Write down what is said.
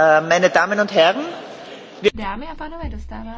Eh, meine Damen und Herren, Dámy a pánové, dostáváme